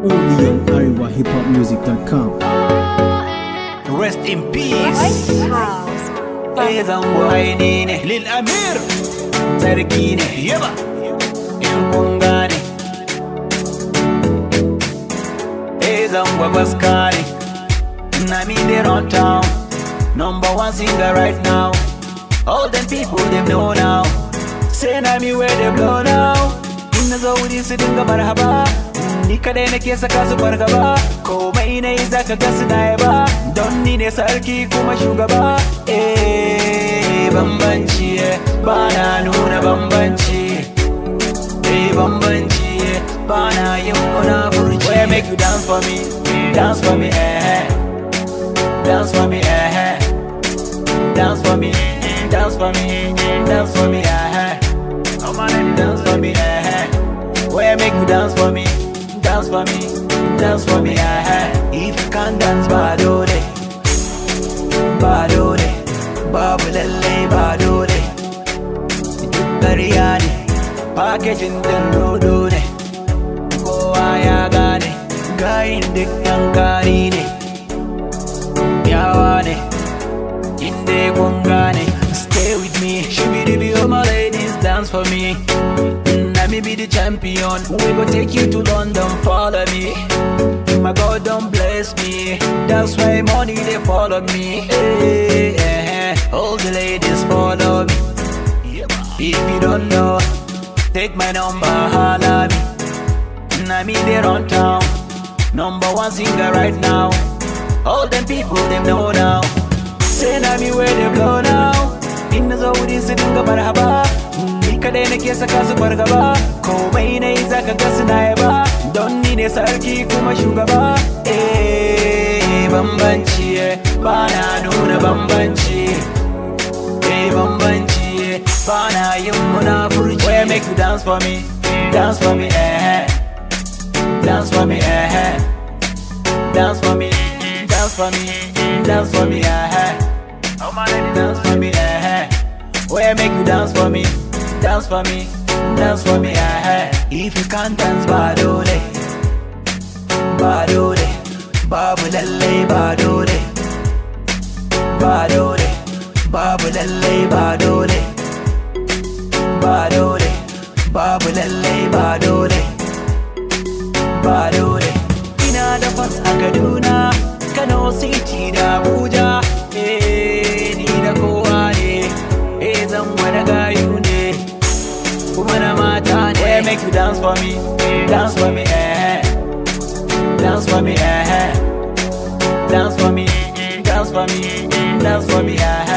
Only on AriwaHipHopMusic.com. Rest in peace. lil Amir, ايضا وعينيني للامير تركيني يبا I'm in ناميدي رون town. number one singer right now all them people them know now say na me where they blow now in the zone is sitting marhaba ni kadai nake saka su fargaba komai na yi zaka ga na yaba don ni ne sarki kuma shugaba eh bambanci ba na nuna bambanci eh bambanci ba na yin munafurci where make you dance for me dance for me eh, eh. dance for me eh, eh. dance for me eh, dance for me dance for me dance for me, dance for me, ah If you can't dance, badore, badore, babu lalle badore Duk ƙarya ne, packaging din rodo ne Kowa ya gane, gayin duk yankari ne Yawa ne, inda kun gane Stay with me, shibidi biyo my ladies, dance for me be the champion. We go take you to London, follow me. My God, don't bless me. That's why money they follow me. Hey, eh, eh, eh. All the ladies follow me. If you don't know, take my number, holla me. And I mean they run town. Number one singer right now. All them people them know now. Say na me where they blow now. In the zone with this, it kaɗai nake saka su fargaba komai na yi zaka ga suna ba don ni ne sarki kuma shugaba eh bambanci eh, ba na nuna bambanci eh bambanci eh, ba na yin munafurci where make you dance for me dance for me eh, eh. dance for me eh dance for me dance for me dance for me eh oh my lady dance for me eh where make you dance for me dance for me, dance for me, eh. eh. If you can't dance, badole, badole, babulele, badole, badole, babulele, badole, badole, babulele, badole, badole. lalle ba dole, ba dole, babu lalle ba dole, ba dole. Ina da fas a Kano City da make you dance for me, dance for me, eh? Dance for me, eh? Dance for me, dance for me, dance for me, eh?